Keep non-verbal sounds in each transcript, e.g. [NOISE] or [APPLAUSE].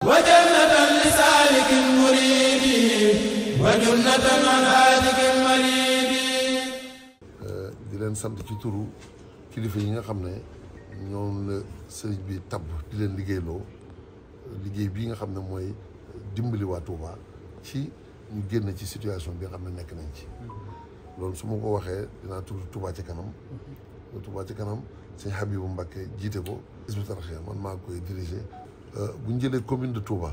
di leen sant ci turu kilifa yi nga xam ne ñoom la sëriñ bi di leen liggéeyloo liggéey bii nga xam ne mooy dimbali waa Touba ci ñu ci situation bi nga xam ne nekk nañ ci loolu su ma ko waxee dinaa tudd Touba ci kanam Touba ci kanam sëñ Habibou Mbacké jiite ko Hizbut Tarqiyyah man maa koy diriger Euh, bu ñu jëlee commune de Touba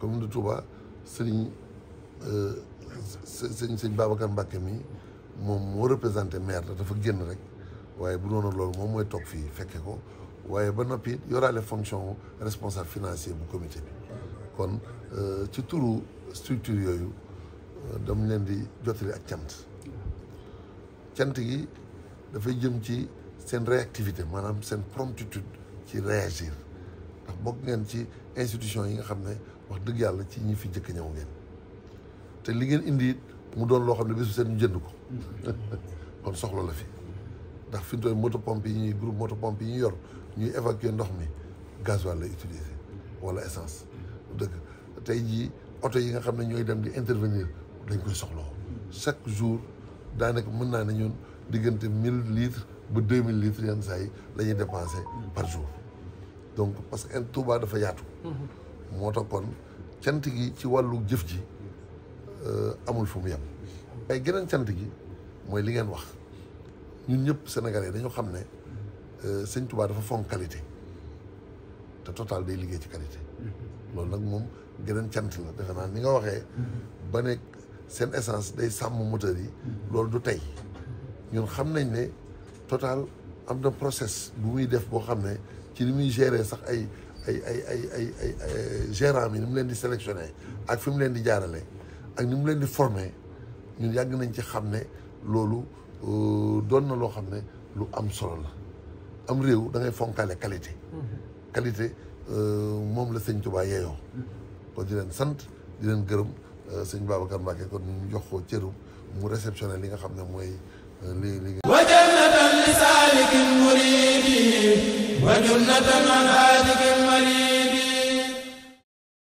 commune de Touba sëriñ sëñ sëñ Babacar Mbacke mi moom moo représenté maire la dafa génn rek waaye bu doona loolu moom mooy toog fii fekkee ko waaye ba noppi yoraale fonction responsable financier bu comité bi kon euh, ci turu structure yooyu euh, dam leen di jottali ak cant cant gi dafay jëm ci seen activité maanaam seen promptitude ci réagir ndax bokk ngeen ci institution yi nga xam ne wax dëgg yàlla ci ñi fi njëkk ñëw ngeen te li ngeen indi it mu doon loo xam ne bés bu seen ñu jënd ko [LAUGHS] kon soxla la fi ndax fi moto pompe yi ñuy groupe moto pompe yi ñu yor ñuy évacuer ndox mi gasoil lay utiliser wala essence dëgg tey jii oto yi nga xam ne ñooy dem di intervenir dañ koy soxloo chaque jour daanaka mën naa ne ñun diggante mille litres ba deux mille litres yenn saa yi la ñuy dépensé par jour donc parce que Touba dafa yaatu. moo tax kon cant gi ci wàllu jëf ji euh, amul fu mu yem. ay geneen cant gi mooy li ngeen wax ñun ñëpp sénégalais dañu xam ne euh, sëñ Touba dafa fonk qualité te total day liggéey ci qualité. loolu nag moom geneen cant la defe naa ni nga waxee. ba nekk seen essence day sàmm moteur yi. loolu du tey ñun xam nañ ne total. am na process bu muy def boo xam ne ci ni muy gérer sax ay ay ay ay ay ay gérant bi ni mu leen di sélectionné ak fi mu leen di jaarale ak ni mu leen di formé ñun yàgg nañ ci xam ne loolu euh, doon na loo xam ne lu am solo la am réew da ngay fonkaale qualité mm-hmm. qualité euh, moom la sëñ Tuubaa yeeyoo mm-hmm. kon di leen sant di leen gërëm euh, sëñ Babacar Mbacke kon ñu jox ko cëru mu réceptionné li nga xam ne mooy li li لسالك المريد وجنة من